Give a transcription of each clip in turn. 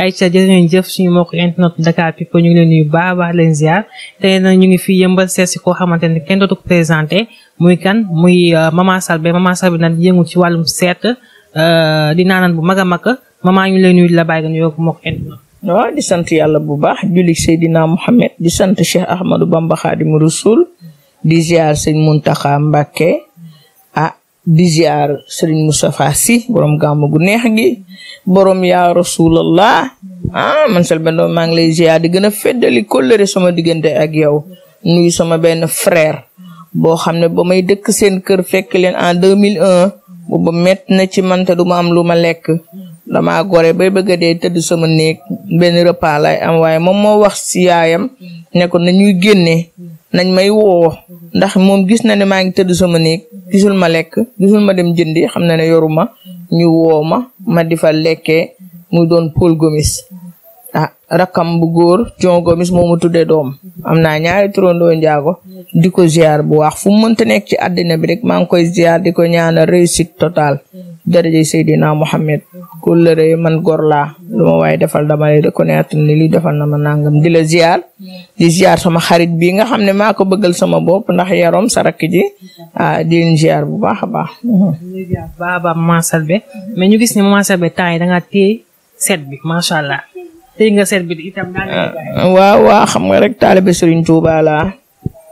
ayca jërë ngeen jëf suñu mbokk internet Dakar People ñu ngi leen nuyu baax baax leen ziar tey nag ñu ngi fi yëmbal seet si koo xamante ne kenn dootu présenté muy kan muy euh, maman Selbé maman Selbé nag yëngu ci wàllum seet euh, di naanaan bu mag a mag maman ñu leen nuyu la bàyyi nga nuyoo mbokk internet waaw di sant yàlla bu baax julli Seydina Mohamed di sant Cheikh Ahmadou Bamba Khadimu Rasul di ziar sëñ Muntaxa Mbàkke di ziar Serigne Moustapha si borom gàmm gu neex a ngi borom yaa rasulallah ah man Selbé Ndom maa ngi lay ziar di gën a feddali kóllëre sama diggante ak yow nuyu sama benn frère boo xam ne ba may dëkk seen kër fekk leen en 2001 booba mett na ci man te du ma am lu ma lekk dama gore bay bëgg a dee tëdd sama néeg benn repas lay am waaye moom moo wax si yaayam ne na ñuy génne nañ may woo ndax moom gis na ne maa ngi tëdd sama néeg gisul ma lekk gisul ma dem jëndi xam na ne yoruma ñu woo ma ma di fa lekkee muy doon Paul Gomis ah rakam bu góor John Gomis moo mu tuddee doom am naa ñaari turandoo njaago di ko ziar bu waax fu mu mënta nekk ci àddina bi rek maa ngi koy ziar di ko ñaanal réussite totale daraja Seydina Mohamed kóllëre man gor laa lu ma waaye defal damay reconnaître ni li defal na ma nangam di la ziar di ziar sama xarit bi nga xam ne maa ko bëggal sama bopp ndax yarom sa rakk ji ah di leen bu baax a baax. Mhm. baaba maman Selbé mais ñu gis ne maman Selbé temps yi da nga téye bi macha allah téye nga set bi itam. Ah, waaw waa xam nga rek taalibe Serigne Touba laa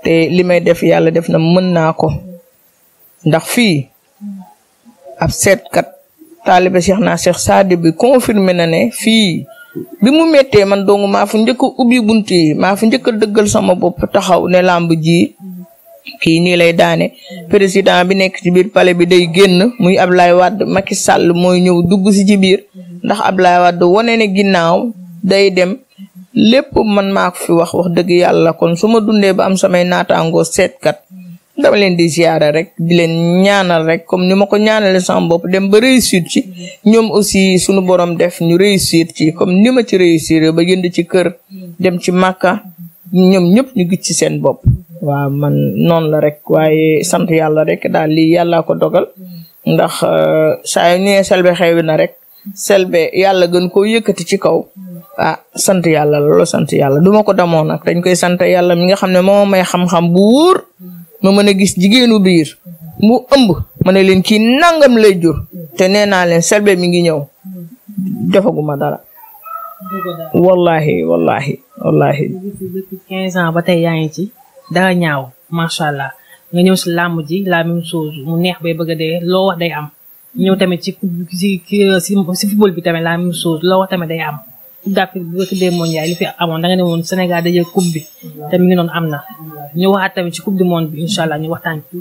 te li may def yàlla def na mën naa ko ndax fii ab seetkat. taalibe Cheikh naa Cheikh Sadio bi confirmé na ne fii bi mu mettee man dong maa fu njëkk a ubbi bunt yi maa fa njëkk a dëggal sama bopp taxaw ne làmb ji kii nii lay daane président bi nekk ci biir pale bi day génn muy Ablaye Wade Macky sàll mooy ñëw dugg si ci biir ndax Ablaye Wade wane ne ginnaaw day dem lépp man maa ko fi wax wax dëgg yàlla kon su ma dundee ba am samay naataangoo seetkat dama leen di ziara rek di leen ñaanal rek comme ni ma ko ñaanale sama bopp dem ba réussir ci ñoom aussi suñu borom def ñu réussir ci comme ni ma ci réussir ba jënd ci kër dem ci màkka ñoom ñëpp ñu gis ci seen bopp waaw man noonu la rek waaye sant yàlla rek daal lii yàllaa ko dogal ndax euh, saa yu ñëwee selbe xewi na rek selbe yàlla gën koo yëkkati ci kaw ah sant yàlla loolu sant yàlla duma ko damoo nag dañ koy sant yàlla mi nga xam ne moo may xam ma mën a gis jigéenu biir mu ëmb ma ne leen kii nangam lay jur te nee naa leen Selbé mi ngi ñëw defaguma dara. wallahi wallahi wallahi depuis quinze ans ba tey yaa ngi ci dara ñaaw macha allah nga ñëw si làmb ji la même mu neex bay bëgg a dee loo wax day am ñëw tamit ci si ci football bi tamit la même chose loo wax tamit day am. coupe d'Afrique bi bëgg dee mondial li fi amoon da nga ne woon Sénégal dajee coupe bi te mi noonu am na ñu waxaat tamit ci coupe du monde bi incha allah ñu waxtaan ci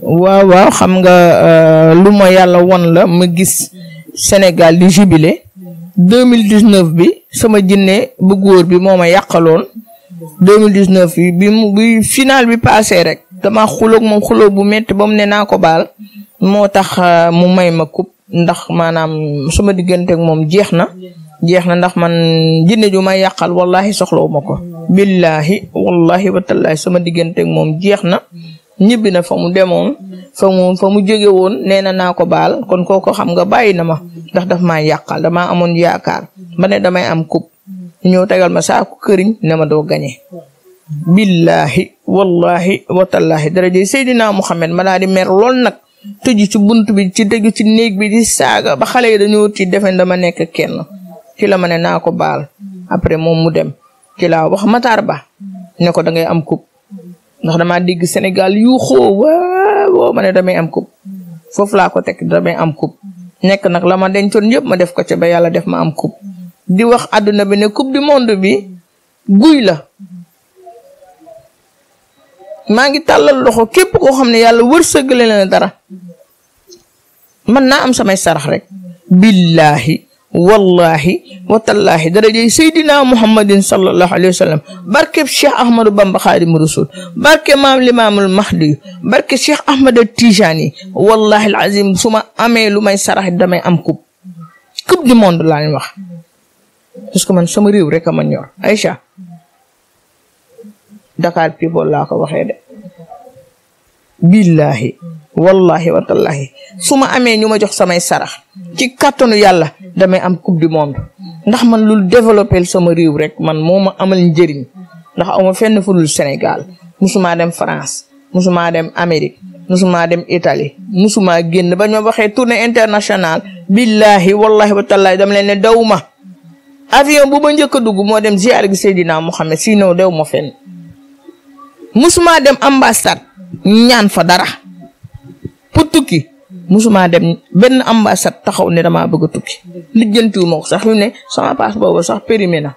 waaw waaw xam nga euh, lu ma yàlla won la ma gis Sénégal di jubilé 2019 bi sama jinnee bu góor bi moo ma yàqaloon 2019 bi bi mu bi final bi passé rek damaa xuloog moom xuloo bu metti ba mu ne naa ko baal moo tax euh, mu may ma coupe ndax maanaam sama diggante moom jeex na. jeex na ndax man jinne ju ma yàqal wallahi soxlawuma ko billahi wallahi watallahi sama diggante moom jeex na ñibbi na fa mu demoon fa mu fa mu jóge woon nee na naa ko baal kon kooko xam nga bàyyi na ma ndax daf ma yàqal damaa amoon yaakaar ba ne damay am coupe ñëw tegal ma saaku këriñ ne ma doo gañe billahi wallahi watallahi daraje Seydina Muhammad ma daa di mer lool nag tëju ci bunt bi ci dëju ci néeg bi di saaga ba xale yi dañoo ci defen dama nekk kenn ci la ma ne naa ko baal après moom mu dem ci laa wax Matar Ba ne ko dangay am coupe ndox damaa dégg Sénégal yuuxoo waawoo ma ne damay am coupe foofu laa ko teg damay am coupe nekk nag la ma dencoon yëpp ma def ko ca ba yàlla def ma am coupe di wax àdduna bi ne coupe du monde bi guy la maa ngi tàllal loxo képp koo xam ne yàlla wërsëgale na dara man naa am samay sarax rek wallahi watallaahi darajey seydina muhammadin sallallahu alayhi wa sallam barkeb cheikh bamba xaadimu rasul barke maam limaamul mahdi barke cheikh ahmada tijaani wallahi alazim su amee lu may sarax damay am coupe coupe du monde laa wax parce man sama réew rek a ma ñor Aïcha Dakar people laa ko waxee de billaahi wallahi watallahi su ma amee ñu ma jox samay sarax ci kàttanu yàlla damay am coupe du monde ndax man lu développé sama réew rek man moo ma amal njëriñ ndax awma fenn fu dul Sénégal musumaa dem France musumaa dem Amérique musumaa dem Italie musumaa génn bañ ñu waxee tournée internationale billaahi wallahi watallahi dama leen ne daw ma avion bu ma njëkk a dugg moo dem ziar gi Seydina Mouhamed sinon daw ma fenn musumaa dem ambassade ñaan fa dara pour tukki musuma dem benn ambassade taxaw ne damaa bëgg a tukki lijjantiwuma ko sax fi ne sama passeport ba sax périmé na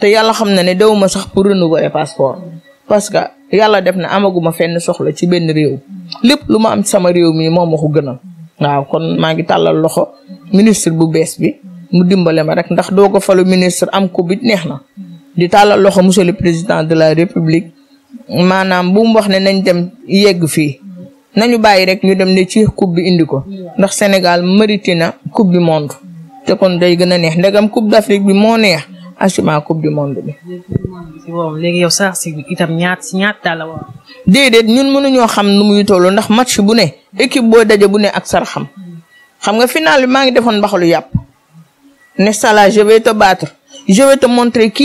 te yàlla xam na ne dewuma sax pour renouveler passeport parce que yàlla def na amaguma fenn soxla ci benn réew lépp lu ma am sama réew mii moom ma ko gënal waaw kon maa ngi tàllal loxo ministre bu bees bi mu dimbale ma rek ndax doo ko falu ministre am ko bi neex na di tàllal loxo monsieur le président de la république maanaam bu mu wax ne nañ dem yegg fii nañu bàyyi rek ñu dem ne ci coupe bi indi ko ndax Sénégal mérité na coupe du monde te kon day gën a neex ndegam coupe d'Afrique bi moo neex assurément coupe du monde bi. léegi yow sax si itam ñaat si ñaat daal la war. déedéet ñun mënuñoo xam nu muy toll ndax match bu ne équipe boo daje bu ne ak saraxam xam nga final bi maa ngi defoon mbaxalu yàpp ne ça là je vais te battre qui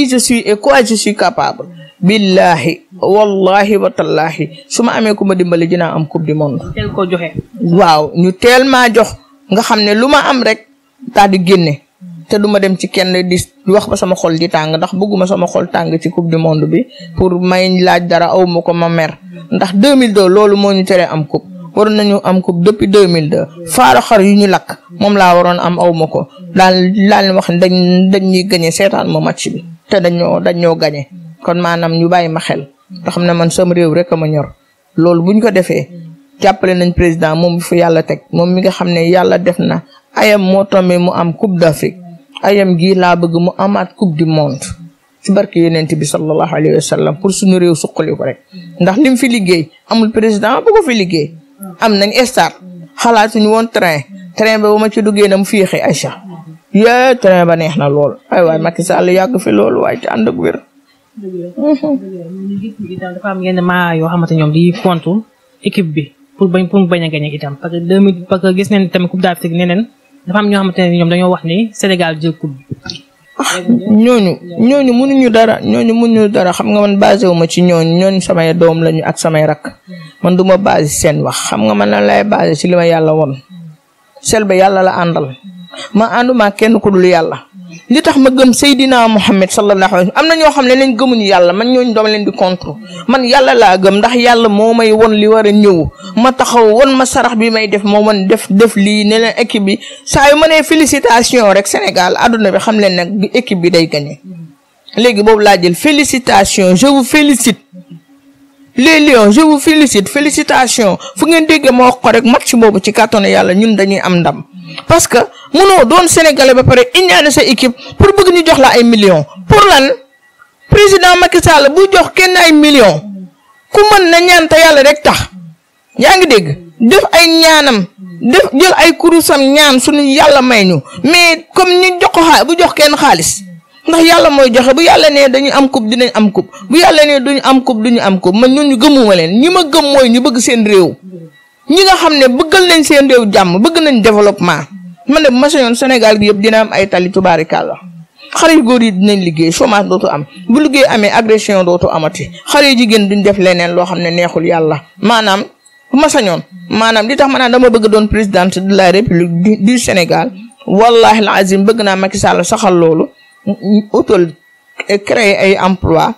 je et quoi je capable. billaahi wallaahi watallaahi su ma amee ku ma dimbali dinaa am coupe di monde. koo joxe. waaw ñu teel maa jox nga xam ne lu ma am rek daal di génne te duma dem ci kenn di wax ba sama xol di tàng ndax bëgguma sama xol tàng ci coupe du monde bi pour may laaj dara aw ko ma mer ndax 2002 loolu moo ñu teree am coupe. waroon nañu am coupe depuis 2002 faaro xar yu ñu lakk moom laa waroon am aw ko daal daal wax dañ dañ ñuy gagné seetaan ma match bi te dañoo dañoo gagné kon maanaam ñu bàyyi ma xel te xam ne man sama réew rek a ma ñor loolu bu ñu ko defee jàppale nañ président moom fu yàlla teg moom mi nga xam ne yàlla def na ayam moo tombé mu am coupe d'Afrique ayam gii laa bëgg mu amaat coupe du monde si barke yonent bi sallallahu alayhi wa sallam pour suñu réew suqali ko rek ndax lim fi liggéey amul président bu liggéey am nañ star xalaatuñu woon train train ba ba ma ci duggee na mu fiixee Aïcha yee train ba neex na lool ay waay Macky Sall yàgg fi lool waaye ci ànd ak wér dëgg la dëgg la ñu gis ni itam dafa am yenn maa yoo xamante ñoom di kontu équipe bi pour bañ pour bañ a gañe itam parce que deux mille parce que gis nañ tamit coupe d'Afrique dafa am ñoo xamante ne ñoom dañoo wax ni senegal jël coupe bi. ñooñu ñooñu mënuñu dara ñooñu mënuñu dara xam nga man basé wu ma ci ñooñu ñooñ samay doom lañu ak samay rakk man du ma basé seen wax xam nga man lan lay basé ci li yàlla woon Selbé yàlla la àndal ma ànduma kenn ku dul yàlla. li tax ma gëm Seydina Muhammad sallallahu alayhi wa sallam am na ñoo xam ne leen gëmuñu yàlla man ñooñu doom leen di contre man yàlla laa gëm ndax yàlla moo may won li war a ñëw ma taxaw won ma sarax bi may def moo won def def lii ne leen équipe bi saa yu ma nee félicitation rek Sénégal àdduna bi xam leen nag équipe bi day gagné léegi boobu laa félicitation je félicite les lions je vous félicite fu ngeen déggee ma wax ko rek match boobu ci kàttanu yàlla ñun dañuy am ndam parce que mënoo doon sénégalais ba pare indiane sa équipe pour bëgg ñu jox la ay millions pour lan président Macky Sall bu jox kenn ay millions ku mën na ñaan te yàlla rek tax yaa ngi dégg def ay ñaanam def jël ay kurusam ñaan suñu yàlla may ñu mais comme ñu jox ko bu jox kenn xaalis. ndax yàlla mooy joxe bu yàlla nee dañu am coupe dinañ am coupe bu yàlla nee duñu am coupe duñu am coupe man ñooñu gëmuma leen ñi ma gëm mooy ñu bëgg seen réew ñi nga xam ne bëggal nañ seen réew jàmm bëgg nañ développement man ne bu ma sañoon Sénégal gi yëpp dina am ay tali tubaarikàlla xale yu góor yi dinañ liggéey chômage dootu am bu liggéey amee agression dootu amati xale yu jigéen duñ def leneen loo xam ne neexul yàlla maanaam bu ma maanaam li tax ma naan dama bëgg doon présidente de la république du Sénégal wallahi al azim bëgg naa Macky Sall saxal loolu utal créer ay emploi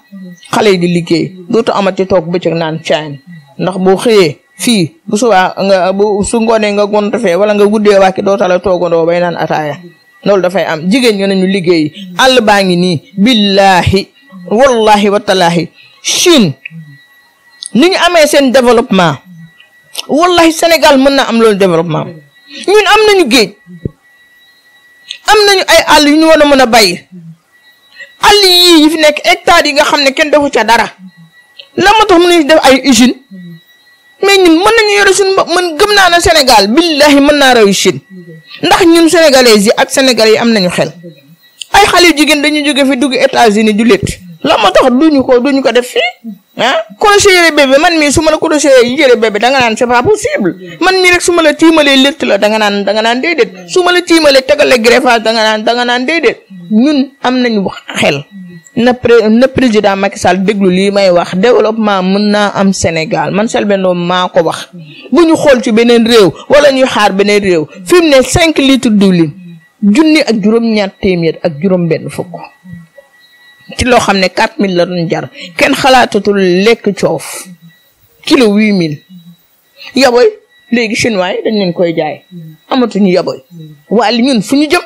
xale yi di liggéey dootu amati toog bu ci naan caayin ndax boo xëyee fii bu subaa nga bu su ngoonee nga gont fee wala nga guddee wàcc dootala la toogandoo bay naan ataaya loolu dafay am jigéen ñi ñu liggéey àll baa ngi nii billaahi wallahi watalaahi Chine ni ñu amee seen développement wallahi Sénégal mën na am loolu développement ñun am nañu géej am nañu ay àll yu ñu war a mën a bàyyi àll yii yi fi nekk hectares yi nga xam ne kenn defu ca dara la moo tax mënuñu def ay usine mais ñun mën nañu yore suñu bopp man gëm naa ne Sénégal billahi mën naa raw Chine ndax ñun sénégalais yi ak sénégalais yi am nañu xel ay xale yu jigéen dañu jóge fi dugg États-Unis du létt la moo tax ñu ko duñu ko def fii ah crochet bébé man mii su ma la crochet yére bébé da nga naan c'est pas man mii rek su la tiimalee létt la da nga naan da naan déedéet su ma tiimalee tegal la greffage da nga naan da naan déedéet ñun am nañu xel na pré na président Macky Sall déglu lii may wax développement mën naa am Sénégal man Selbé Ndom maa ko wax bu ñu xool ci beneen réew wala ñuy xaar beneen réew fi mu ne cinq litres diwlin junni ak juróom-ñaar téeméer ak juróom-benn fukk. ci loo xam ne 4000 la doon jar kenn xalaatatul lekk coof kilo 8000 yaboy léegi chinois yi dañ leen koy jaay amatuñu yaboy waaye ñun fu ñu jëm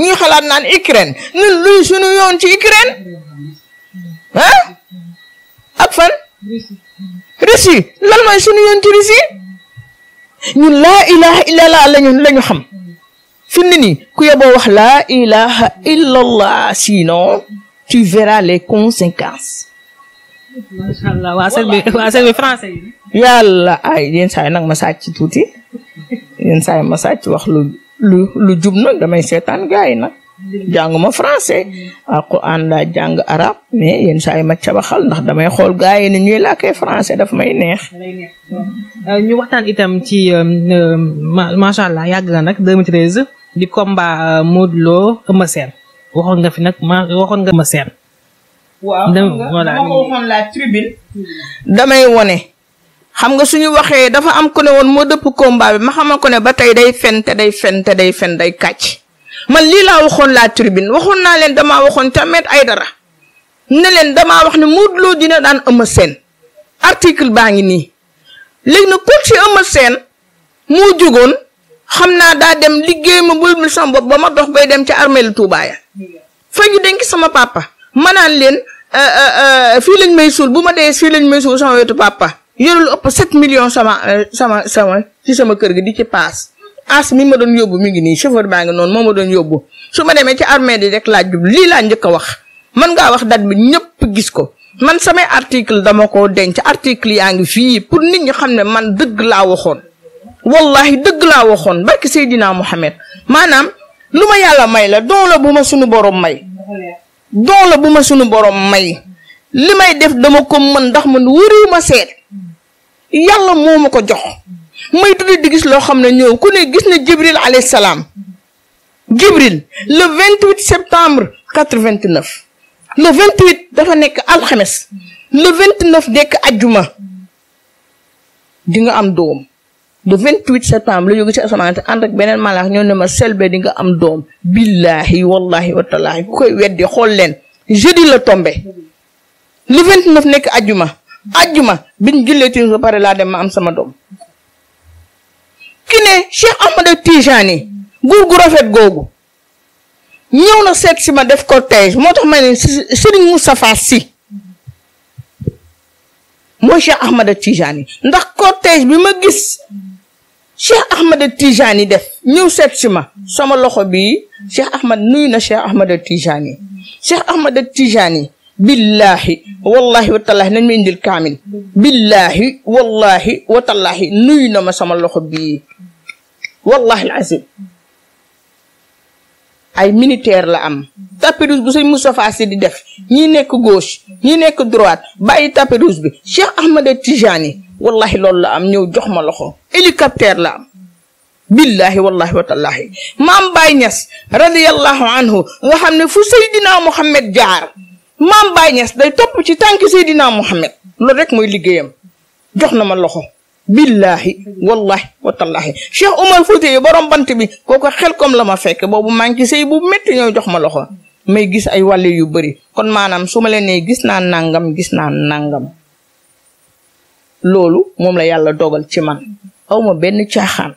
ñuy xalaat naan Ukraine ñun luy suñu yoon ci Ukraine ah ak fan. Russie lan mooy suñu yoon ci Russie ñun laa ilaha illallah lañu lañu xam fi mu ne nii ku yeboo wax laa ilaha illallah sinon. tu verras les conséquences. waa sëñ bi waa sëñ yi. yàlla ay yenn saa yi nag ma sàcc tuuti yenn saa yi ma sàcc wax lu lu lu jub nag damay seetaan gars yi nag. jànguma français. alquran laa jàng arab mais yenn saa yi ma cabaxal ndax damay xool gars yi ni ñuy làkkee français daf may neex. Euh, ñu waxtaan itam ci euh, euh, macha allah yàgg na nag 2013 di combat Modou Lo Eumeu waxoon nga fi nag maa waxoon nga ma seen. waaw xam nga damay wone xam nga suñu waxee dafa am ko ne woon moo dëpp combat bi ma xamal ko ne ba tey day fen te day fen te day fen day kàcc man lii laa waxoon laa tribune waxoon naa leen damaa waxoon tamit ay dara ne leen damaa wax ne Modou Lo dina daan Eumeu seen article baa ngi nii léegi nag coach Eumeu Sène moo jógoon xam naa daa dem liggéey ma bul sama bopp ba ma dox bay dem ci armeelu Tuubaa ya fa ñu denc sama papa ma naan leen euh, euh, euh, fii lañ may suul bu ma dee fii lañ may suul sama wetu papa yorul ëpp 7 millions sama sama sama ci sama kër gi di ci paas as mi ma doon yóbbu mi ngi nii chauffeur baa ngi noonu moo ma doon yóbbu su ma demee ci armée di rek laaj jub lii laa njëkk a wax mën ngaa wax date bi ñëpp gis ko man samay article dama ko denc article yaa ngi fii pour nit ñi xam ne man dëgg laa waxoon. wallahi dëgg laa waxoon barki seydinaa Mohamed maanaam lu ma yàlla may la don la bu ma sunu borom may don la bu ma sunu borom may li may def dama ko mën ndax man ma seet yàlla moo ma ko jox may tuddi di gis loo xam ne ñëw ku ne gis ne Jibril alayhi salaam Jibril le 28 septembre 89 le 28 dafa nekk alxames le 29 nekk ajjuma di nga am doom. le 28 septembre la jóge ci asamaan te ànd ak beneen malaax ñoo ne ma Selbé di nga am doom billaahi wallaahi watallaahi ku koy weddi xool leen jeudi la tombé le 29 nekk ajjuma ajuma biñ jullee timis ba pare laa dem ma am sama doom ki ne Cheikh Ahmada Tijani góor gu rafet googu ñëw na seet si ma def cortège moo tax ma ne Serigne Moustapha si mooy Cheikh Ahmada Tijani ndax cortège bi ma gis Cheikh Ahmed Tijani def ñëw seet si ma sama loxo bii Cheikh Ahmed nuyu na Cheikh Ahmed Tijani Cheikh Ahmed Tijani billahi wallahi wa tallaahi nañ ma indil kaamil billahi wallahi wa tallaahi nuyu na ma sama loxo bii wallahi alazim ay militaire la am tapis rouge bu sëñ Moustapha Sy di def ñi nekk gauche ñi nekk droite bàyyi tapis rouge bi Cheikh Ahmed Tijani wallahi loolu la am ñëw jox ma loxo hélicoptère la am billahi wallahi wa tallahi maam Baye Niass radiyallahu anhu nga xam ne fu Seydina Mohamed jaar maam Baye Niass day topp ci tànki Seydina Mohamed loolu rek mooy liggéeyam jox na ma loxo billahi wallahi wa tallahi Cheikh Omar Fouti borom bant bi kooku xel kom la ma fekk boobu maa sey sëy bu métti ñoo jox ma loxo may gis ay wàll yu bëri kon maanaam su ma leen nee gis naa nangam gis naa nangam. loolu moom la yàlla dogal ci man awma benn caaxaan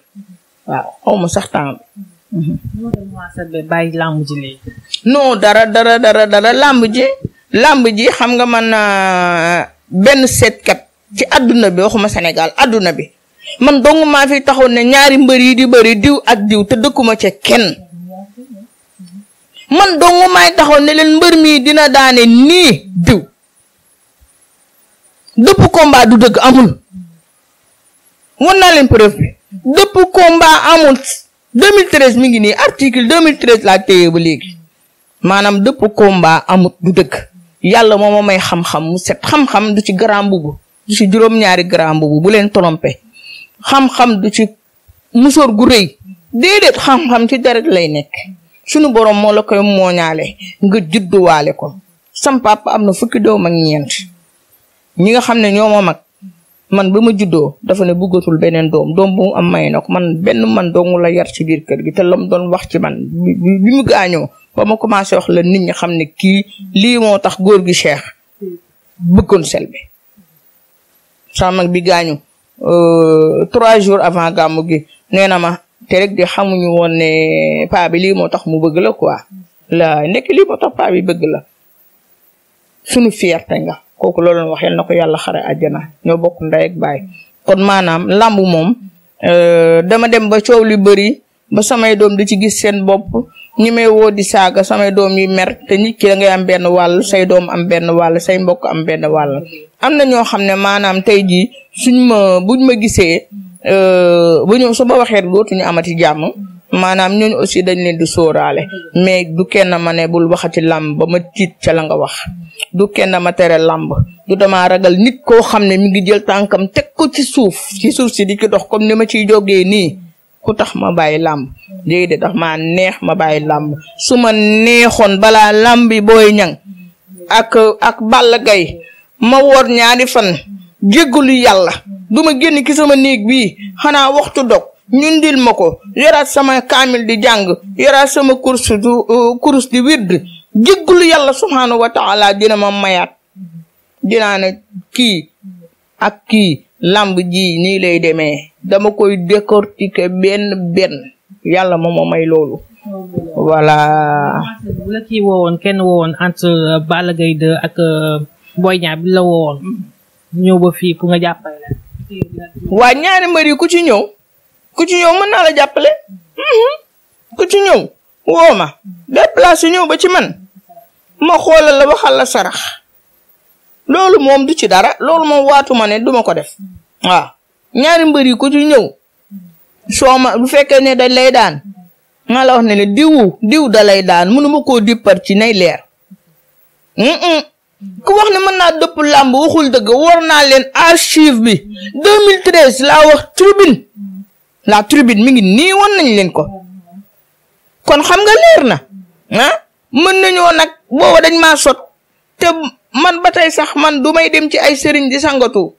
waaw awma sax temps bi bàyyi làmb ji léegi non dara dara dara dara làmb ji làmb ji xam nga man euh, benn seetkat ci àdduna bi waxuma Sénégal àdduna bi man dong maa fi taxaw ne ñaari mbër yi di bari diw ak diw te dëkkuma ca kenn man dong maay taxaw ne leen mbër mii dina daane nii diw dëpp combat du dëgg amul won na leen preuve bi dëpp combat amul mi ngi nii article 2013 laa téye ba léegi maanaam dëpp combat amut du dëgg yàlla moo ma may xam-xam mu set xam-xam du ci grand mbubu du ci juróom-ñaari grand mbubu bu leen trompé xam-xam du ci musóor gu rëy déedéet xam-xam ci deret lay nekk sunu borom moo la koy mooñaale nga judduwaale ko sam papa am na fukki doom ak ñeent ñi nga xam ne ñoo ma mag man ba ma juddoo dafa ne bëggatul beneen doom doom bu am may na ko man benn man dong la yar ci biir kër gi te la mu doon wax ci man bi mu gaañoo ba ma commencé wax la nit ñi xam ne kii lii moo tax góor gi Cheikh bëggoon Selbé sama mag bi gaañu euh, trois jours avant gàmmu gi nee na ma te rek di xamuñu woon ne paa bi lii moo tax mu bëgg la quoi la ndekki lii moo tax paa bëgg la sunu fierté nga kooku loolu wax yal na ko yàlla xare àjjana ñoo bokku ndey ak baay kon maanaam làmb moom euh, dama dem ba coow li bëri ba samay doom di ci gis seen bopp ñi may woo di saaga samay doom yi mer te nit ki ngay am benn wàll say doom am benn wàll say mbokk am benn wàll am na ñoo xam ne maanaam tey jii suñ ma buñ ma gisee euh, ba ñëw su ma waxee ñu amati jàmm maanaam ñooñu aussi dañ leen di sóoraale mais du kenn ma ne bul ci làmb ba ma tiit ca la nga wax du kenn ma tere làmb du damaa ragal nit koo xam ne mi ngi jël tànkam teg ko ci suuf ci suuf si di ki dox comme ni ma ciy jógee nii ku tax ma bàyyi làmb léegi de tax maa neex ma bàyyi lamb su ma neexoon balaa làmb booy ñang ak ak Balla Gaye ma woor ñaani fan jéggalu yàlla du ma génn ki sama néeg bii xanaa waxtu dog ñundil ma ko yoraat sama kaamil di jàng yoraat sama uh, kurus di wird jéggulu yàlla subhaanahu wa taala dina ma mayaat dinaa ne kii ak kii lamb ji nii lay demee dama koy décortiquer benn benn yàlla moom moo may loolu voilà. bu la kenn woowoon entre euh, Balla Gaye 2 ak euh, Boy ñaari mbër yi ñëw ku ci ñëw mën naa la jàppale mhm. ku ci ñëw woo ma déplacé ñëw ba ci man ma xoolal la waxal la sarax loolu moom du ci dara loolu moom waatu ma ne duma ko def waaw ñaari mbër yi ku ci ñëw soo ma bu fekkee ne dañ lay daan nga la wax ne ne diw da lay daan mënuma koo dippar ci nay leer mhm. ku wax ne mën naa dëpp làmb waxul dëgg war naa leen archive bi 2013 laa wax tribune la tribune mi ngi nii woon nañ leen ko kon xam nga leer na ah mën nañoo nag booba dañ maa sot te man ba tey sax man du may dem ci ay sëriñ di sangatu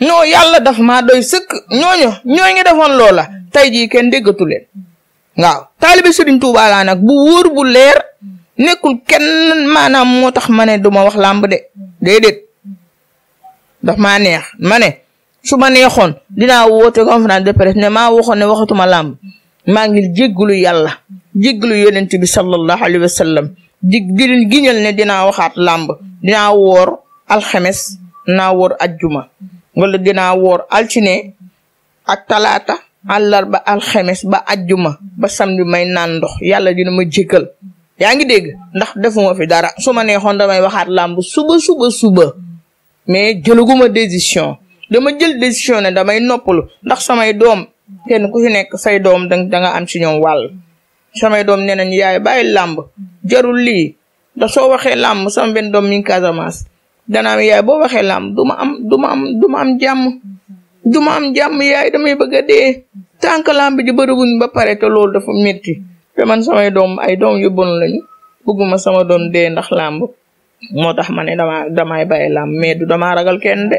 ñoo yàlla daf ma doy sëkk ñooñu ñoo ngi defoon loola tey jii kenn déggatu leen waaw taalibe sëriñ Tuubaa nag bu wóor bu leer nekkul kenn maanaam moo tax ma ne du ma wax làmb de déedéet daf maa neex ma ne su ma neexoon dinaa woote conférence de presse ne maa waxoon ne waxatuma làmb maa ngi jéggalu yàlla jéggalu yonent bi sallallahu alayhi wa sallam di di leen ne dinaa waxaat làmb dinaa woor alxemes dinaa woor ajjuma wala dinaa woor altine ak talaata àllarba alxemes ba ajjuma ba samedi may naan ndox yàlla dina ma jéggal yaa ngi dégg ndax defuma fi dara su ma neexoon damay waxaat làmb suba suba suba mais jëlaguma décision dama jël décision ne damay noppalu ndax samay doom kenn ku ci nekk say doom da nga am ci ñoom wàll samay doom nee nañu yaay bay làmb jarul lii da soo waxee làmb sama benn doom mi ngi Casamance danaam yaay boo waxee làmb du ma am du ma am du ma am jàmm du ma am jàmm yaay damay bëgg a dee tànk làmb ji bëriwuñ ba pare te loolu dafa metti te man samay doom ay doom yu bon lañu bëgguma sama doom dee ndax làmb moo tax ma ne dama damay bay làmb mais du damaa ragal kenn de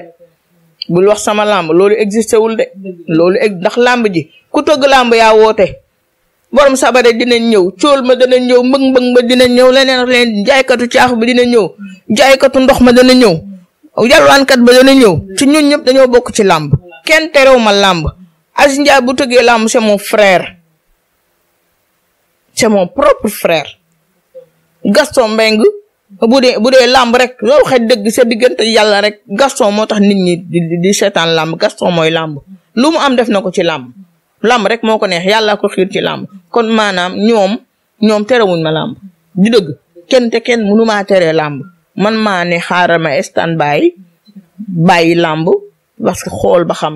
bul wax sama làmb loolu existé wul de. loolu ndax làmb ji ku togg làmb yaa woote. borom sabare dinañ ñëw cóol ma dana ñëw mbëng mbëng ma dina ñëw leneen ak leneen jaaykatu caax bi dina ñëw jaaykatu ndox ma dana ñëw yalwaankat ba dana ñëw ci ñun ñëpp dañoo bokk ci làmb kenn terew ma làmb Aziz Ndiaye bu tëggee làmb c'est mon frère c'est mon propre frère Gaston Mbengue bu dee bu dee làmb rek loo waxee dëgg sa diggante yàlla rek Gaston moo tax nit ñi di di làmb Gaston mooy làmb lu mu am def na ko ci làmb làmb rek moo ko neex yàlla ko xiir ci làmb kon maanaam ñoom ñoom terewuñ ma làmb di dëgg kenn te kenn mënu maa teree làmb man maa ne xaaral ma stand by bàyyi làmb parce que xool ba xam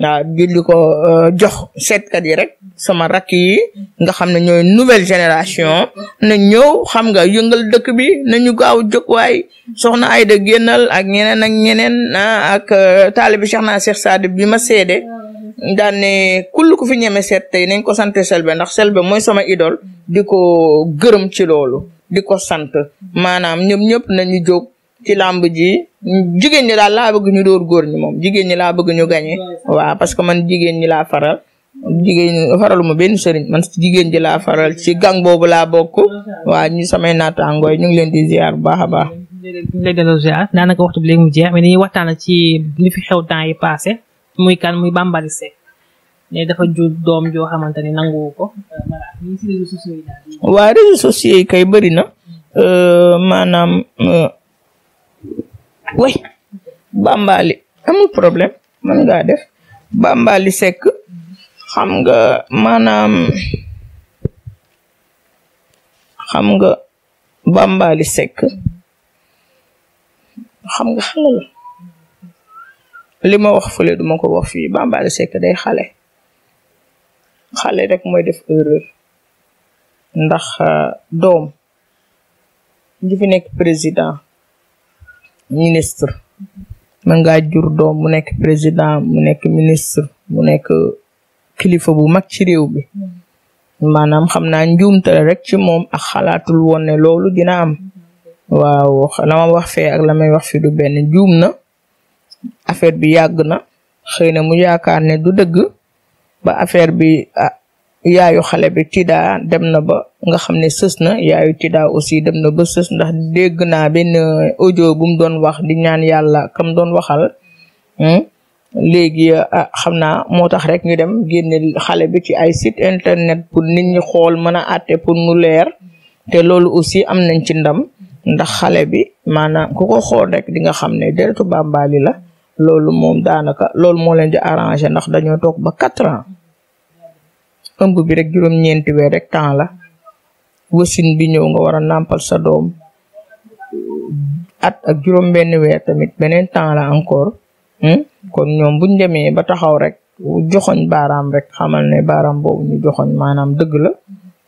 waaw julli ko euh, jox seetkat yi rek sama rakk yi nga xam ne ñooy nouvelle génération na ñëw xam nga yëngal dëkk bi nañu gaaw jóg waay soxna Ayda génnal ak ñeneen ak ñeneen ah, ak euh, taalibi Cheikh naa Cheikh Saad bi ma seede daan ne kull fi ñeme seet tey nañ ko sant selbe ndax selbe mooy sama idol di ko gërëm ci loolu di ko sant maanaam ñoom ñëpp nañu jóg ci làmb ji jigéen ñi daal laa bëgg ñu dóor góor ñi moom jigéen ñi laa bëgg ñu gañe waaw parce que man jigéen ñi laa faral jigéen faraluma benn sëriñ man jigéen ji laa faral ci gang boobu laa bokk waa ñu samay naat naataangooy ñu ngi leen di ziar bu baax a baax. léegi delloo ziar daanaka waxtu bi léegi mu jeex mais dañuy waxtaan ci li fi xew temps yi passé muy kan muy Bambaly Seck ne dafa jur doom joo xamante ne nanguwu ko. waa réseaux sociaux yi kay bëri na euh, maanaam. Euh, way bambali amul problème mën ngaa def bambali sekk xam nga maanaam xam nga bambali sekk xam nga xale la ma wax fële duma ko wax fii bambali sekk day xale xale rek mooy def erreur ndax euh, doom ji fi nekk président ministre mën ngaa jur doom mu nekk président mu nekk ministre mu nekk kilifa bu mag ci réew bi maanaam xam naa njuumte la rek ci moom a xalaatul woon ne loolu dina am waaw la ma wax fee ak la may wax fi du benn juum na affaire bi yàgg na xëy na mu yaakaar ne du dëgg ba affaire bi ah, yaayu xale bi Tida dem na ba nga xam ne sës na yaayu Tida aussi dem na ba sës ndax dégg naa benn audio bu mu doon wax di ñaan yàlla kam doon waxal hmm? léegi ah, xam naa moo tax rek ñu dem génne xale bi ci ay site internet pour nit ñi xool mën a àtte pour mu leer te loolu aussi am nañ ci ndam ndax xale bi maanaam ku ko xool rek di nga xam ne deretu Bàmbaali la loolu moom daanaka loolu moo leen di arrangé ndax dañoo toog ba quatre ans ëmb bi rek juróom-ñeenti weer rek temps la wasin bi ñëw nga war a nàmpal sa doom at ak juróom-benn weer tamit beneen temps la encore hmm? kon ñoom buñ demee ba taxaw rek joxoñ baaraam rek xamal ne baaraam boobu ñu joxoñ maanaam dëgg la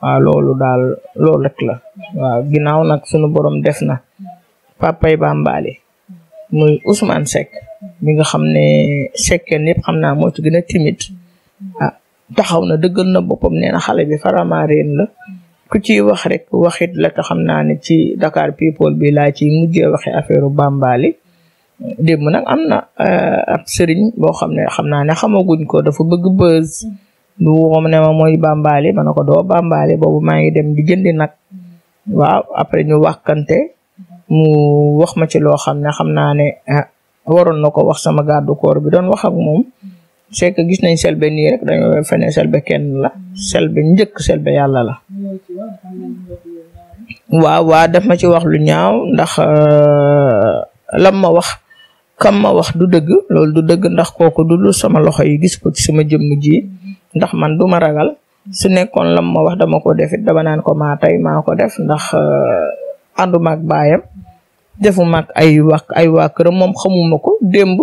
waaw loolu daal lool rek la waaw ginnaaw nag sunu borom def na papay Bambaali muy Ousmane Seck mi nga xam ne Seck yëpp xam naa moo ci gën a taxaw na dëggal na boppam nee na xale bi Faramareen la ku ci wax rek waxit la te xam naa ne ci Dakar people bi laa ci mujjee waxe affaire Bambali démb nag am na eh, ab sëriñ boo xam ne xam naa ne xamaguñ ko dafa bëgg bës lu woom ne ma mooy Bambali ma ne ko doo Bambali boobu maa ngi dem di jëndi nag waaw après ñu wàkkante mu wax ma ci loo xam ne xam naa ne eh, waroon na ko wax sama gàddu koor bi doon wax moom c'est que gis nañ selbe nii rek dañoo fene selbe kenn la selbe njëkk selbe yàlla la waaw waa daf ma ci wax lu ñaaw ndax euh, lam ma wax kam ma wax du dëgg loolu du dëgg ndax kooku du lu sama loxo yi gis ko ci sama jëmm ji ndax man du ma ragal su nekkoon lam ma wax dama ko defit dama naan ko maa tey maa ko def ndax euh, ànduma ak baayam defu ak ay wax ay waa moom xamuma ko démb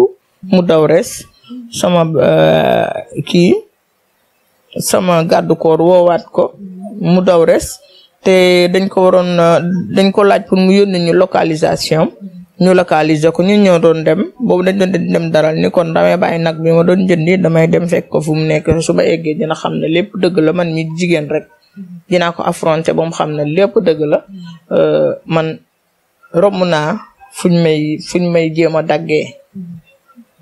mu daw res sama eh, kii sama gàddu koor woowaat ko mu daw res te dañ ko waroon eh, dañ ko laaj pour mu yónni ñu localisation ñu localiser ko ñu ñoo doon dem boobu dañ doon dem daral ni kon damay bàyyi nag bi ma doon jëndi damay dem fekk ko fu mu nekk su ma eggee dina xam ne lépp dëgg la man ñi jigéen rek dinaa ko affronter ba mu xam ne lépp dëgg la eh, man romb naa fuñ may fuñ may jéem a daggee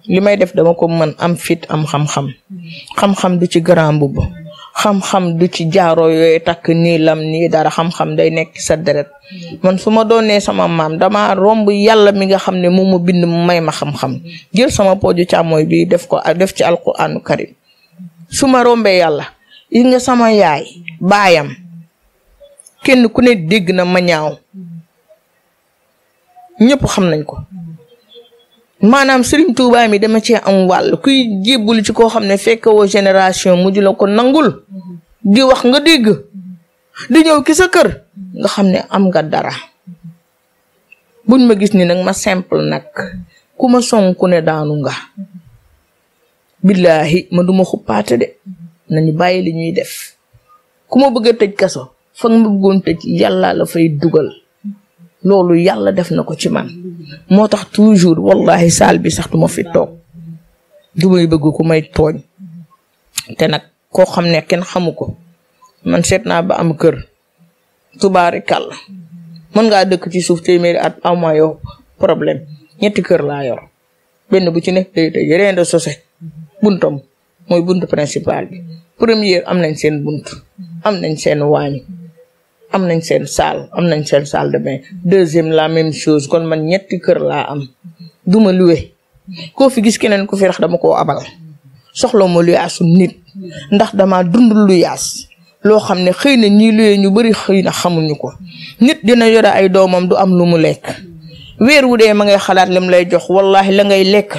li may def dama ko man am fit am xam-xam xam-xam du ci grand mbubb xam-xam du ci jaaro yooyu takk nii lam nii dara xam-xam day nekk sa deret man su ma doonee sama maam dama romb yàlla mi nga xam ne moom ma bind may ma xam-xam jël sama pooju càmmooy bi def ko def ci alquraanu karim su ma rombee yàlla yi nga sama yaay baayam kenn ku ne dégg na ma ñaaw ñépp xam nañ ko maanaam Serigne Touba mi dama cee am wàll kuy jébbul ci koo xam ne fekk woo génération mujj la ko nangul di wax nga dégg di ñëw ki sa kër nga xam ne am nga dara buñ ma gis ni nag ma simple nag ku ma sonku ne daanu nga billaahi ma duma xuppaate de nañu bàyyi li ñuy def ku ma bëgg a tëj kaso fa nga bëggoon tëj yàlla la fay dugal loolu yàlla def na ko ci man moo tax toujours wallahi saal bi sax du ma fi toog du may bëgg ko may tooñ te nag koo xam ne kenn xamu ko man seet naa ba am kër tubaari kàll mën ngaa dëkk ci suuf téeméeri at amoo yow problème ñetti kër laa yor benn bu ci nekk day tëj rien de sosé buntam mooy bunt principal bi première am nañ seen bunt am nañ seen waañ am nañ seen salle am nañ seen salle de bain deuxième la même chose kon man ñetti kër laa am du ma luwe koo fi gis keneen ku fi rax dama koo abal soxla ma luyaasum nit ndax dama dund luyaas loo xam ne xëy na ñii luye ñu bëri xëy na xamuñu ko nit dina yore ay doomam du am lu mu lekk weer wu dee ma ngay xalaat lim lay jox wallahi la ngay lekk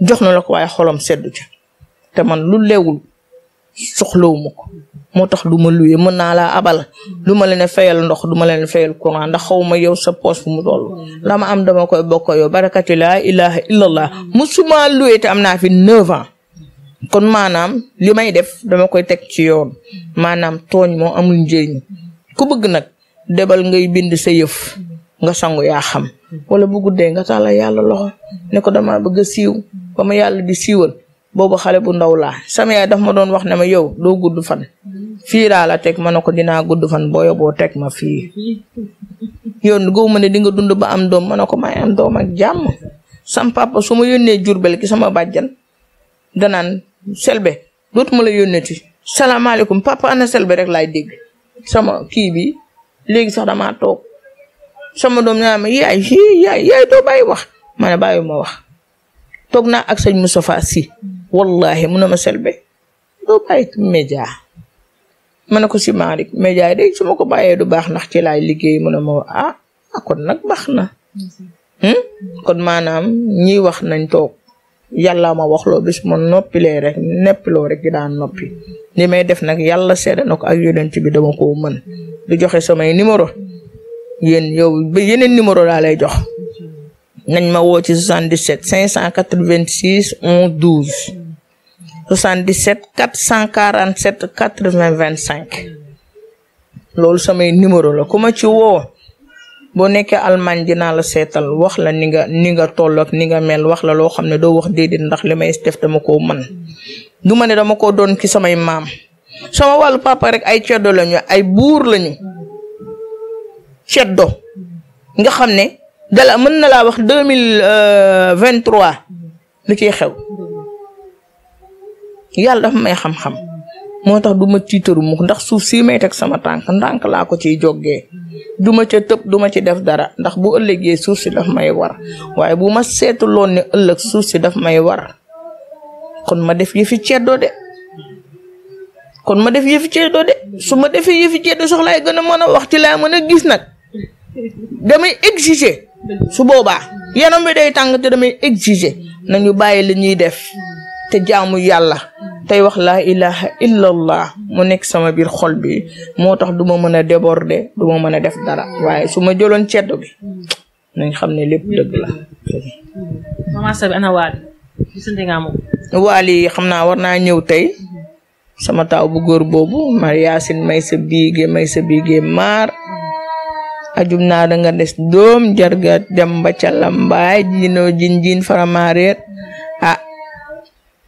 jox na la ko waaye xolom seddu ca te man lu lewul soxlawuma ko moo tax du ma luye mën naa laa abal du ma leen fayal ndox du ma leen fayal courant ndax xaw ma yow sa poos bu mu toll la ma am dama koy bokk yow la laa ilaha illallah musuma luye te am naa fi neuf ans kon maanaam li may def dama koy teg ci yoon maanaam tooñ moo amul njëriñ ku bëgg nag debal ngay bind sa yëf nga sangu yaa xam wala bu guddee nga tàllal yàlla loxo ne dama bëgg a siiw ba yàlla di siiwal boobu xale bu ndaw laa sama yaay daf ma doon wax ne ma yow doo gudd fan fii laa la teg ma ne ko dinaa gudd fan boo yóbboo teg ma fii yoon góob ma ne dinga dund ba am doom ma ne ko may am doom ak jàmm sam papa su ma yónnee Jurbel ki sama bàjjan danaan Selbé dootuma la yónneeti salaamaaleykum papa ana rek laay dégg sama kii léegi sax damaa toog sama doom naa ma yaay ma wax toog naa ak sëñ Moustapha Sy wallahi mu a ma selbe doo bàyyi média ma ne ko si Malick média de su ma ko bàyyee du baax ndax ci laay liggéey mu ne ma ah, ah kon nag baax na hmm? kon maanaam ñiy wax nañ toog yàlla ma waxloo bis ma noppilee rek neppiloo rek di daan noppi li may def nag yàlla seede na ko ak yonent bi dama koo man du joxe samay numéro yéen yow ba yeneen numéro laa lay jox nañ ma woo ci 77 586 11 12 77 447 80 25 loolu samay numéro la ku ma ci woo boo nekkee Allemagne dinaa la seetal wax la ni nga ni nga toll ni nga mel wax la loo xam ne doo wax déedéet ndax li may def dama koo man du ma ne dama ko doon ci samay maam sama wàllu papa rek ay ceddo lañu ay buur lañu ceddo nga xam ne dala mën na laa wax deux mille euh, vingt trois lu ciy xew yàlla dafa may xam-xam moo tax duma ma tiitaru mukk ndax suuf si may teg sama tànk ndànk laa ko ciy joggee duma ma ca tëb duma ci def dara ndax bu ëllëgee suuf si daf may war waaye bu ma seetuloon ne ëllëg suuf si daf may war kon ma def yëfi ceddoo de kon ma def yëfi ceddoo de su ma defee yëfi ceddoo soxlaay gën a mën a wax ci laa mën a gis nag damay exiger. su boobaa yaram wi day tàng te damay exiger nañu bàyyi lañuy def te jaamu yàlla tey wax laa ilaha illallah mu nekk sama biir xol bi moo tax du ma mën a déborder du ma mën a def dara waaye su ma jëloon ceddo bi nañ xam ne lépp dëgg la. maman Sabi xam naa war naa ñëw tey sama taaw bu góor boobu ma yaasin may sa biige may sa biige maar. ajum naa da nga des doom jarga dem ba ca lambaay faramaareer ah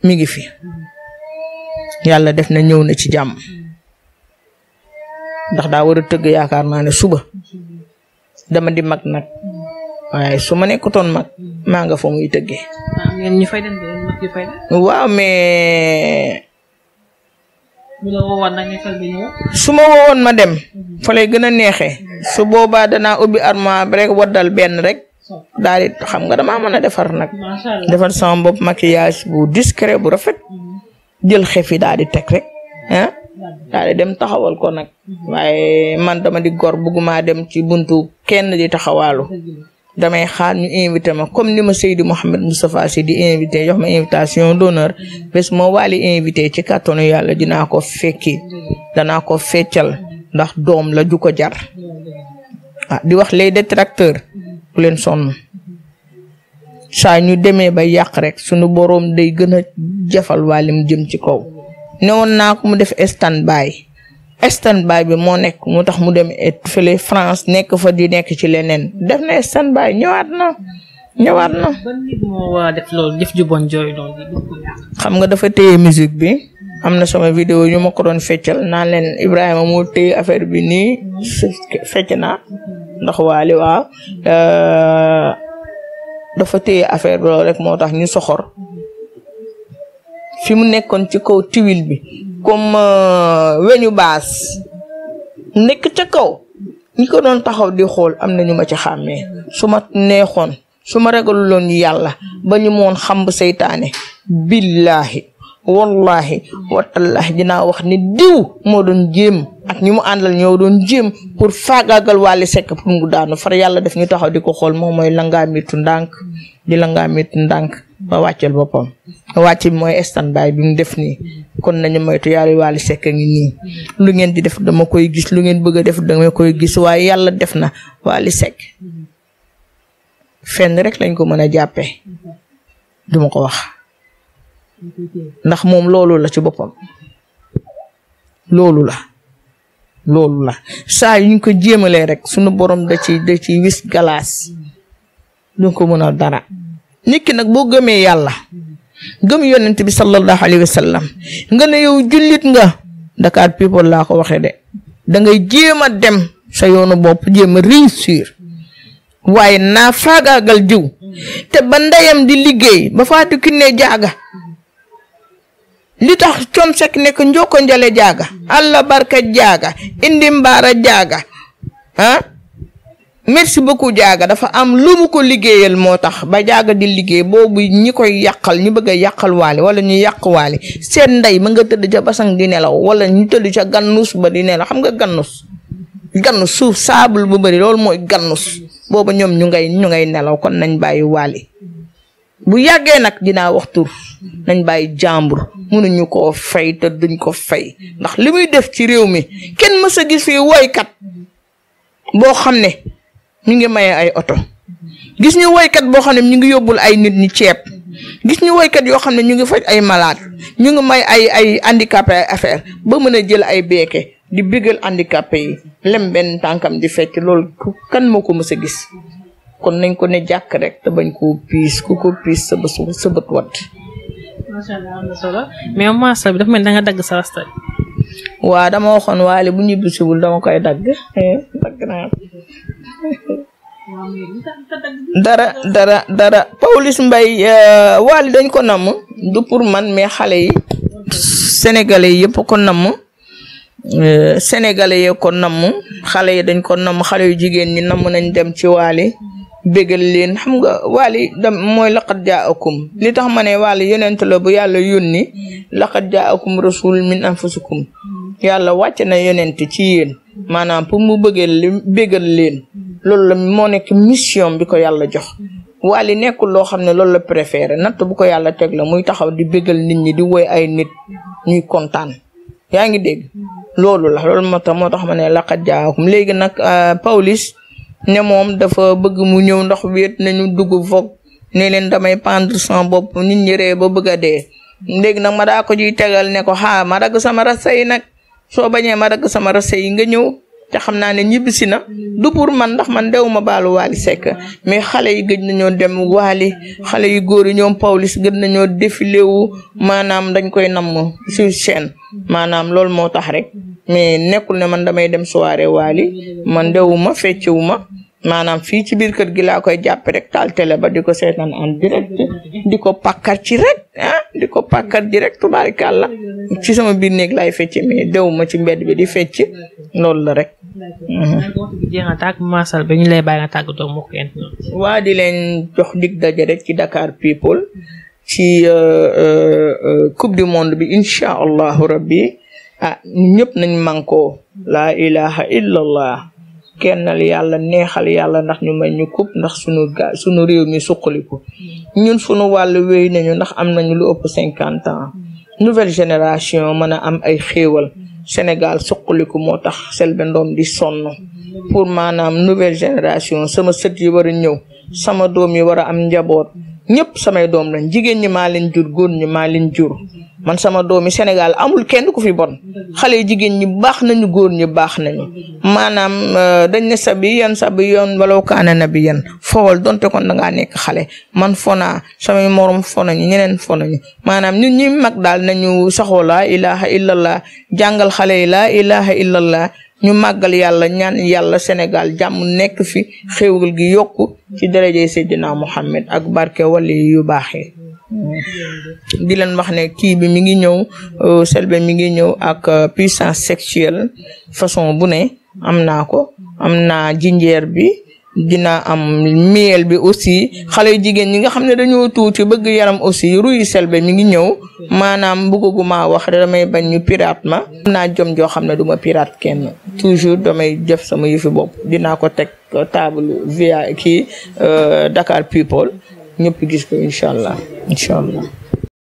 mi ngi fi yàlla def na ñëw na ci jàmm ndax daa war tëgg yaakaar naa ne suba dama di mag nag waaye su ma nekkutoon mag maa nga fa muy tëggee. waaw mais. su ma ma dem. fa lay gën a neexee. su boobaa danaa ubbi armoire bi rek waddal benn rek daal di xam nga damaa mën a defar nag defar sama bopp maquillage bu discret bu rafet mhm. jël xef daal di teg rek ah daal dem taxawal ko nag mhm. waaye man dama di gor bëgguma dem ci buntu kenn di taxawaalu damay xaar ñu invité ma comme ni ma Seydi Mouhamed Moustapha Sy di invité jox ma invitation d'honneur mhm. bés moo waali invité ci kàttanu yàlla dinaa ko fekki danaa ko feccal ndax doom la ju ko jar ah di wax les détracteurs bu leen sonn saa ñu demee ba yàq rek sunu boroom day gën a jafal waalim jëm ci kaw newoon naa ko mu def standby standby bi moo nekk moo tax mu dem fële France nekk fa di nekk ci leneen def na standby ñëwaat na ñëwaat na. ban nit moo def xam nga dafa téye musique bi. am na sama vidéo ñu ma ko doon feccal naan leen Ibrahima moo téye affaire bi nii fecc naa ndax waali waaw euh, dafa téye affaire bi loolu rek moo tax ñu soxor fi mu nekkoon ci kaw tiwil bi comme euh, weñu baas nekk ca kaw ñi ko doon taxaw di xool am na ñu ma ci xàmmee su ma neexoon su ma regaluloon ñu yàlla ba ñu moon xamb seytaane billaahi wallahi watallahi dinaa wax ni diw moo doon jéem ak ñi mu àndal ñoo doon jéem pour faagaagal Wally sekk pour mu daanu far yàlla def ñu taxaw di ko xool moom mooy langaamitu ndànk di langaamitu ndànk ba wàcceel boppam wàcc bi mooy standby bi mu def nii kon nañu moytu yàlla sekk Seck ngi nii lu ngeen di def dama koy gis lu ngeen bëgg a def dama koy gis waaye yàlla def na waali sekk fenn rek lañ ko mën a jàppee duma ko wax ndax moom loolu la ci boppam loolu la loolu la saa yu ñu ko jéemalee rek sunu boroom da ci da ci wis galaas du ko mën a dara nit ki nag boo gëmee yàlla gëm yonent bi sallallahu alayhi wa sallam nga ne yow jullit nga Dakar people laa ko waxee de dangay ngay jéem a dem sa yoonu bopp jéem a réussir waaye naa faagaagal jiw te ba ndeyam di liggéey ba faatu ki jaaga li tax com sek nekk njoko njale jaaga allah barka jaaga indi mbaara jaaga ah merci beaucoup jaaga dafa am lu mu ko liggéeyal moo tax ba jaaga di liggéey boobu ñi koy yàqal ñi bëgg a yàqal waale wala ñu yàq waale seen ndey ma nga tëdd ca basang di nelaw wala ñu tëdd ca gannus ba di nelaw xam nga gannus gannus suuf saabul bu bëri loolu mooy gannus boobu ñoom ñu ngay ñu ngay nelaw kon nañ bàyyi waale bu yàggee nag dinaa wax tur nañ bàyyi jàmbur mënuñu koo fay te duñ ko fay ndax li muy def ci réew mi kenn mësa a gis fii woykat boo xam ne ñu ngi maye ay oto gis ñu woykat boo xam ne ñu ngi yóbbul ay nit ñi ceeb gis ñu woykat yoo xam ne ñu ngi faj ay malaat ñu ngi may ay ay handicapé ay affaire ba mën a jël ay beeke di bigal handicapé yi lem benn tànkam di fecc loolu kan moo ko mës a gis kon nañ ko ne jàkk rek te bañ koo piis ku ko piis sa bët sa mais am maasal bi daf mel da dagg sa rasta bi. dama waxoon waale bu ñibbisiwul dama koy dagg eh, dara dara dara mbay Mbaye euh, waali dañ ko namm du pour man mais xale yi sénégalais yëpp ko namm euh, sénégalais yee ko namm xale yi dañ ko namm xale yu jigéen ñi namm nañ dem ci waali bégal leen xam nga Wally dam mooy laqad jaakum li tax ma ne Wally yonent la bu yàlla yónni laqad jaakum rasul min anfusikum yàlla wàcc na yonent ci yéen maanaam pour mu bëggeel li bégal leen loolu la moo nekk mission bi ko yàlla jox Wally nekkul loo xam ne loolu la préféré natt bu ko yàlla teg la muy taxaw di bégal nit ñi di woy ay nit ñuy kontaan yaa ngi dégg loolu la loolu moo tax moo tax ma ne laqad jaakum léegi nag euh, Pawlish ne moom dafa bëgg mu ñëw ndox wéet nañu dugg foog ne leen damay pendre sama bopp ni ñi ree ba bëgg a dee léegi nag ma daa juy tegal ne ko xaa ma dagg sama rase yi nag soo bañee ma dagg sama rase yi nga ñëw te xam naa ne ñibbisi na du pour man ndax man dewuma baalu Waly Seck mais xale yi gëj nañoo dem Waly xale yu góor yi ñoom Pawlish gën nañoo défilé wu maanaam dañ koy namm sur chaîne maanaam loolu moo tax rek mais nekkul ne man damay dem soirée Waly man dewuma feccewuma maanaam fii ci biir kër gi laa koy jàpp rek taal télé ba di ko seetaan en direct di ko pàkkar ci rek ah di ko pàkkar direct tubaarikàlla ci sama biir néeg laay fecc dew ma ci mbedd bi di fecc loolu la rek. masal ba ñu lay bàyyi nga tàggatoo mu ko waa di jox dig daje rek ci Dakar People ci euh, euh, euh, coupe du monde bi incha allahu rabbi ah ñëpp nañ mànkoo laa ilaha illallah. kennal yàlla neexal yàlla ndax ñu may ñu kub ndax sunu ga sunu réew mi suqaliku ñun sunu wàll wéy nañu ndax am nañu lu ëpp cinquante ans nouvelle génération mën a am ay xéewal Sénégal suqaliku moo tax Selbé Ndom di sonn pour maanaam nouvelle génération sama sët yi war a ñëw sama doom yi war a am njaboot ñëpp samay doom lañ jigéen ñi maa leen jur góor ñi maa leen jur man sama doomi Sénégal amul kenn ku fi bon xale yi jigéen ñi baax nañu góor ñi baax nañu maanaam euh, dañ ne sabi yan sabi yoon walaw kaana nabi yan fowal donte kon da ngaa nekk xale man fonaa samay morom fonañu ñeneen fonañu maanaam ñun ñi mag daal nañu saxoo laa ilaha illallah jàngal xale yi laa ilaha illallah ñu màggal yàlla ñaan yàlla Sénégal jàmm nekk fi xéewal gi yokku ci daraje Seydina Muhammad ak barke wali yu baaxee di leen wax ne kii bi mi ngi ñëw euh, Selbé mi ngi ñëw ak euh, puissance sexuelle façon bu ne am naa ko am naa jinjeer bi dina am miel bi aussi xale jigéen ñi nga xam ne dañoo tuuti bëgg yaram aussi ruyu Selbé mi ngi ñëw maanaam bëgguma wax damay bañ ñu pirate ma am naa jom joo xam ne duma ma kenn toujours damay def sama yëfi bopp dinaa ko teg euh, table via kii Dakar People ñëpp gis ko incha allah incha allah